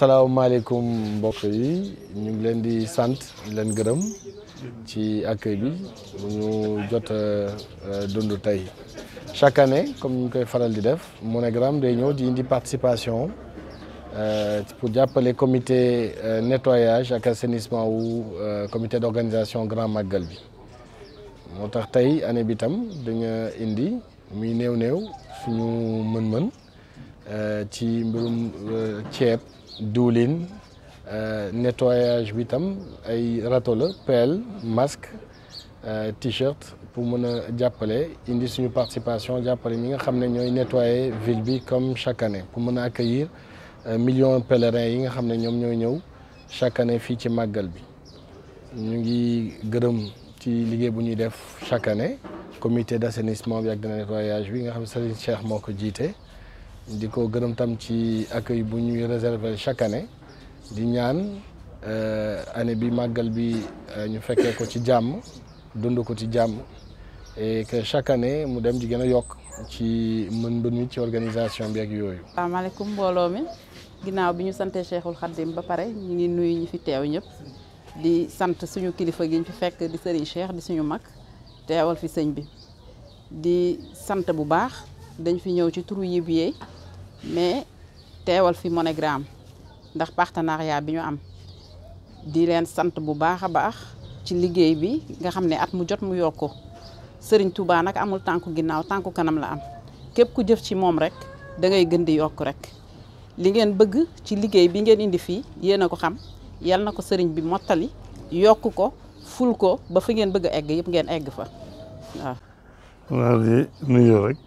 salaamaaleykum mbokk yi ñu ngi leen di sant leen gërëm ci accueil bi bu ñu jot dund tey chaque année comme ñu koy faral di def MONAGRAM day ñëw di indi participation euh, pour jàppale comité euh, nettoyage ak assainissement wu euh, comité d'organisation grand màggal bi moo tax tey année bi tam dañu indi muy néew-néew suñu mën-mën. Euh, ci mbirum euh, ceeb diwlin euh, nettoyage bi tam ay râteau la pelle masque t-shirt pour mën a jàppale indi suñu participation jàppale mi nga xam ne ñooy nettoyer ville bi comme chaque année pour mën a accueillir million pèlerins yi nga xam ne ñoom ñooy ñëw chaque année fii ci màggal bi ñu ngi gërëm ci liggéey bu ñuy def chaque année comité d' assainissement bi ak de nettoyage bi nga xam ne Serigne Cheikh moo ko jiite di ko gërëmtam ci accueil bu ñuy réserver chaque année di ñaan euh, année bi màggal bi euh, ñu fekkee ko ci jàmm dund ko ci jàmm e que chaque année mu dem di gën a yokk ci mën-mën mi ci organisation bi ak yooyu. asalaamaaleykum mbooloo mi ginnaaw bi ñu sante Cheikhul Khadim ba pare ñu ngi nuyu ñi fi teew ñëpp di sant suñu kilifa gi ñu fi fekk di sëriñ Cheikh di suñu mag teewal fi sëñ bi di sant bu baax dañ fi ñëw ci turu Yibyee. mais teewal fi MoneyGram ndax partenariat bi ñu am di leen sant bu baax a baax ci liggéey bi nga xam ne at mu jot mu yokku sëriñ Touba nag amul tànku ginnaaw tànku kanam la am képp ku jëf ci moom rek da ngay gën di yokk rek li ngeen bëgg ci liggéey bi ngeen indi fii yéen a ko xam yal na ko sëriñ bi mottali yokk ko ful ko ba fi ngeen bëgg a egg yëpp ngeen egg fa waaw. naa di nuyu rek.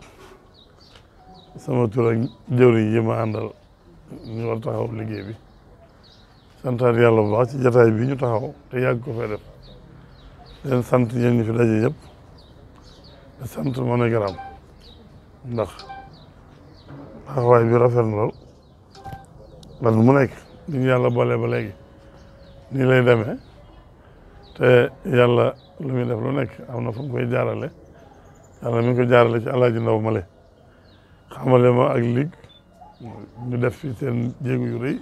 sama tur ak jëwriñ yi ma àndal ñu war taxaw liggéey bi santaat yàlla bu baax ci jataay bi ñu taxaw te yàgg ko fee def leen sant ñeen ñi fi daje yëpp te sant MoneyGram ndax taxawaay bi rafet na lool lan mu nekk li yàlla boole ba léegi nii lay deme te yàlla lu muy def lu nekk am na fu mu koy jaarale yàlla mi ngi ko jaarale ci alaaji ndaw male xamale ma ak ligue ñu def fi seen jéego yu rëy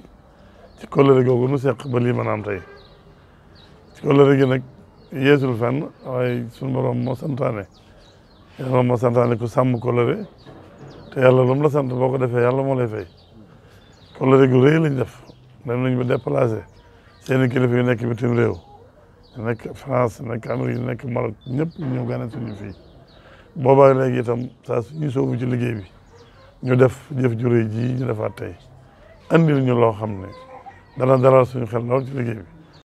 ci googu nu seq ba lii maanaam tey ci kóllëre gi nag yeesul fenn waaye sunu borom moo santaane yàlla moom moo santaane ku sàmm kóllëre te yàlla lu la sant boo ko defee yàlla moo lay fay kóllëre gu rëy lañ def dem nañ ba déplacé seen i kilifa yu nekk bitim réew yu nekk France yu nekk Amérique yu nekk Maroc ñëpp ñëw gane suñu fii boobaa léegi itam saa suñuy soobu ji liggéey bi ñu def jëf ju ji ñu defaat tey andil ñu loo xam ne dana dalal suñu xel lool ci liggéey bi